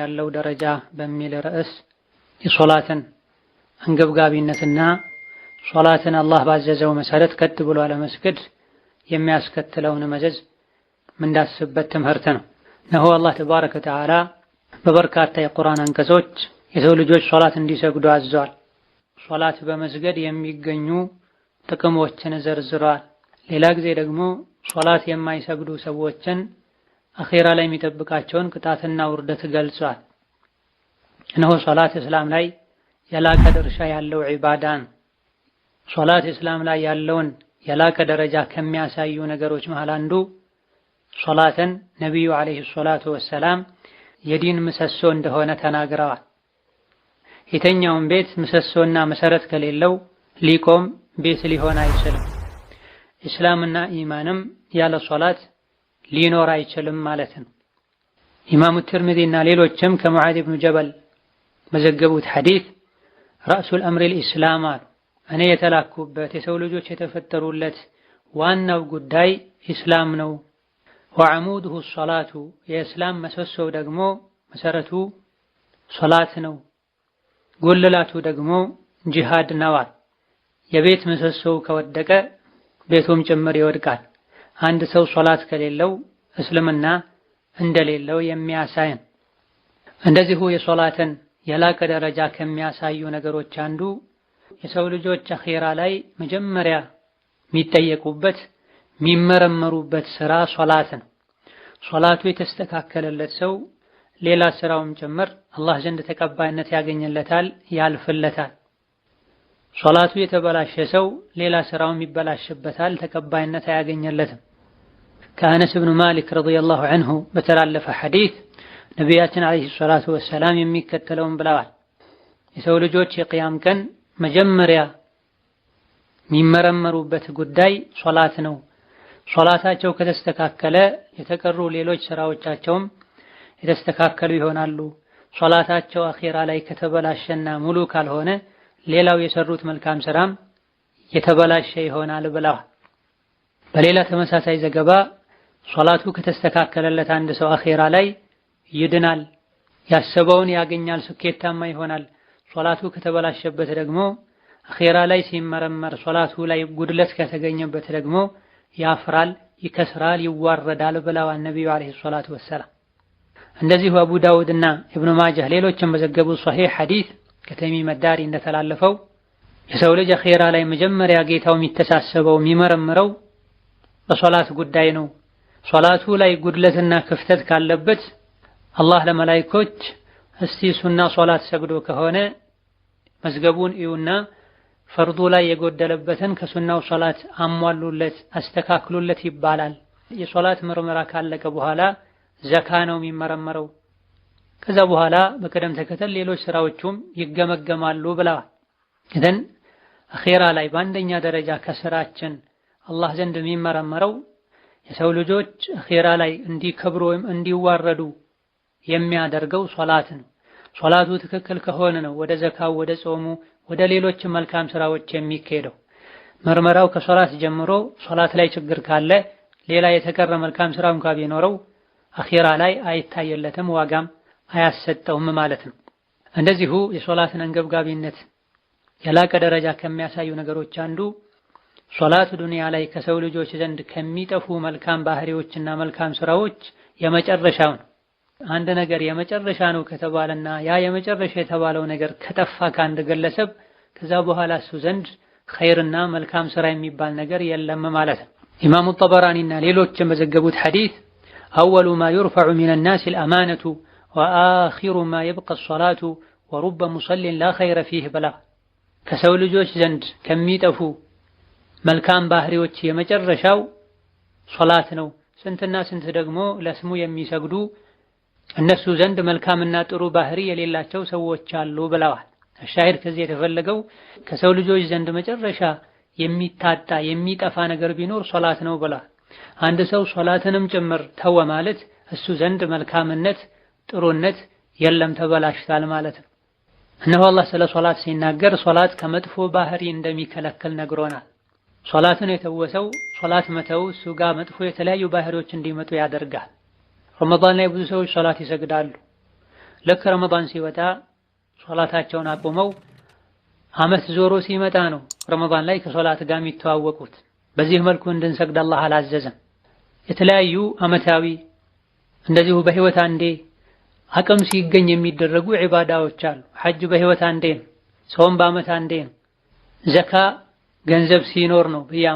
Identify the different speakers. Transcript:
Speaker 1: ያለው ደረጃ በሚል ርዕስ የሶላትን አንገብጋቢነትና ሶላትን አላህ ባዘዘው መሰረት ቀጥ ብሎ አለመስገድ የሚያስከትለውን መዘዝ ምንዳስበት ትምህርት ነው። ነሆ አላህ ተባረከ ወተዓላ በበርካታ የቁርአን አንቀጾች የሰው ልጆች ሶላት እንዲሰግዱ አዘዋል። ሶላት በመስገድ የሚገኙ ጥቅሞችን ዘርዝረዋል። ሌላ ጊዜ ደግሞ ሶላት የማይሰግዱ ሰዎችን አኼራ ላይ የሚጠብቃቸውን ቅጣትና ውርደት ገልጿል። እነሆ ሶላት እስላም ላይ የላቀ ድርሻ ያለው ዒባዳን ሶላት እስላም ላይ ያለውን የላቀ ደረጃ ከሚያሳዩ ነገሮች መሃል አንዱ ሶላትን ነቢዩ ዓለይሂ ሰላቱ ወሰላም የዲን ምሰሶ እንደሆነ ተናግረዋል። የተኛውን ቤት ምሰሶና መሰረት ከሌለው ሊቆም ቤት ሊሆን አይችልም። እስላምና ኢማንም ያለ ሶላት ሊኖር አይችልም ማለት ነው። ኢማሙ ትርሚዚና ሌሎችም ከሙዓዝ ብኑ ጀበል መዘገቡት ሐዲስ ራእሱል አምሪል ኢስላም አሉ። እኔ የተላኩበት የሰው ልጆች የተፈጠሩለት ዋናው ጉዳይ ኢስላም ነው። ወዐሙድሁ ሶላቱ የእስላም መሰሶው ደግሞ መሰረቱ ሶላት ነው። ጎለላቱ ደግሞ ጂሃድ ነዋል። የቤት ምሰሶው ከወደቀ ቤቱም ጭምር ይወድቃል። አንድ ሰው ሶላት ከሌለው እስልምና እንደሌለው የሚያሳይን። እንደዚሁ የሶላትን የላቀ ደረጃ ከሚያሳዩ ነገሮች አንዱ የሰው ልጆች አኼራ ላይ መጀመሪያ የሚጠየቁበት የሚመረመሩበት ስራ ሶላት ነው። ሶላቱ የተስተካከለለት ሰው ሌላ ስራውም ጭምር አላህ ዘንድ ተቀባይነት ያገኝለታል፣ ያልፍለታል። ሶላቱ የተበላሸ ሰው ሌላ ስራውም ይበላሽበታል፣ ተቀባይነት አያገኘለትም። ከአነስ ብኑ ማሊክ ረዲየላሁ አንሁ በተላለፈ ሐዲስ ነቢያችን ዓለይሂ ሰላቱ ወሰላም የሚከተለውን ብለዋል። የሰው ልጆች የቅያም ቀን መጀመሪያ የሚመረመሩበት ጉዳይ ሶላት ነው። ሶላታቸው ከተስተካከለ የተቀሩ ሌሎች ስራዎቻቸውም የተስተካከሉ ይሆናሉ። ሶላታቸው አኼራ ላይ ከተበላሸና ሙሉ ካልሆነ ሌላው የሰሩት መልካም ስራም የተበላሸ ይሆናል ብለዋል። በሌላ ተመሳሳይ ዘገባ ሶላቱ ከተስተካከለለት አንድ ሰው አኼራ ላይ ይድናል፣ ያሰበውን ያገኛል፣ ስኬታማ ይሆናል። ሶላቱ ከተበላሸበት ደግሞ አኼራ ላይ ሲመረመር ሶላቱ ላይ ጉድለት ከተገኘበት ደግሞ ያፍራል፣ ይከስራል፣ ይዋረዳል ብለዋል ነቢዩ ዓለይሂ ሰላቱ ወሰላም። እንደዚሁ አቡ ዳውድና ኢብኑ ማጃህ ሌሎችም በዘገቡት ሶሒህ ሐዲስ ከተሚም ዳሪ እንደተላለፈው የሰው ልጅ አኼራ ላይ መጀመሪያ ጌታው የሚተሳሰበው የሚመረምረው በሶላት ጉዳይ ነው። ሶላቱ ላይ ጉድለትና ክፍተት ካለበት አላህ ለመላይኮች እስቲ ሱና ሶላት ሰግዶ ከሆነ መዝገቡን እዩና ፈርዱ ላይ የጎደለበትን ከሱናው ሶላት አሟሉለት፣ አስተካክሉለት ይባላል። የሶላት ምርመራ ካለቀ በኋላ ዘካ ነው የሚመረመረው። ከዛ በኋላ በቅደም ተከተል ሌሎች ስራዎቹም ይገመገማሉ ብለዋል። እዘን አኼራ ላይ በአንደኛ ደረጃ ከስራችን አላህ ዘንድ የሚመረመረው የሰው ልጆች አኼራ ላይ እንዲከብሩ ወይም እንዲዋረዱ የሚያደርገው ሶላት ነው። ሶላቱ ትክክል ከሆነ ነው ወደ ዘካው፣ ወደ ጾሙ፣ ወደ ሌሎች መልካም ስራዎች የሚካሄደው። ምርመራው ከሶላት ጀምሮ ሶላት ላይ ችግር ካለ ሌላ የተቀረ መልካም ስራ እንኳ ቢኖረው አኼራ ላይ አይታየለትም ዋጋም አያሰጠውም ማለት ነው። እንደዚሁ የሶላትን አንገብጋቢነት የላቀ ደረጃ ከሚያሳዩ ነገሮች አንዱ ሶላት ዱንያ ላይ ከሰው ልጆች ዘንድ ከሚጠፉ መልካም ባህሪዎችና መልካም ስራዎች የመጨረሻው ነው። አንድ ነገር የመጨረሻ ነው ከተባለና ያ የመጨረሻ የተባለው ነገር ከጠፋ ከአንድ ግለሰብ ከዛ በኋላ እሱ ዘንድ ኸይርና መልካም ስራ የሚባል ነገር የለም ማለት ነው። ኢማሙ ጠበራኒና ሌሎች የመዘገቡት ሐዲስ አወሉ ማ ዩርፈዑ ሚነናስ አልአማነቱ ወአኺሩ ማ የብቀ ሶላቱ ወሩበ ሙሰሊን ላ ኸይረ ፊህ ብላ ከሰው ልጆች ዘንድ ከሚጠፉ መልካም ባህሪዎች የመጨረሻው ሶላት ነው። ስንትና ስንት ደግሞ ለስሙ የሚሰግዱ እነሱ ዘንድ መልካምና ጥሩ ባህሪ የሌላቸው ሰዎች አሉ ብለዋል። አሻሂር ከዚህ የተፈለገው ከሰው ልጆች ዘንድ መጨረሻ የሚታጣ የሚጠፋ ነገር ቢኖር ሶላት ነው ብለዋል። አንድ ሰው ሶላትንም ጭምር ተወ ማለት እሱ ዘንድ መልካምነት ጥሩነት የለም ተበላሽታል ማለት ነው። እነሆ አላህ ስለ ሶላት ሲናገር ሶላት ከመጥፎ ባህሪ እንደሚከለከል ነግሮናል። ሶላትን የተወሰው ሶላት መተው እሱ ጋር መጥፎ የተለያዩ ባህሪዎች እንዲመጡ ያደርጋል። ረመዳን ላይ ብዙ ሰዎች ሶላት ይሰግዳሉ። ልክ ረመዳን ሲወጣ ሶላታቸውን አቁመው አመት ዞሮ ሲመጣ ነው ረመዳን ላይ ከሶላት ጋር የሚተዋወቁት። በዚህ መልኩ እንድንሰግድ አላህ አላዘዘም። የተለያዩ አመታዊ እንደዚሁ በህይወት አንዴ አቅም ሲገኝ የሚደረጉ ዒባዳዎች አሉ። ሐጅ በህይወት አንዴ ነው። ጾም በዓመት አንዴ ነው። ዘካ ገንዘብ ሲኖር ነው።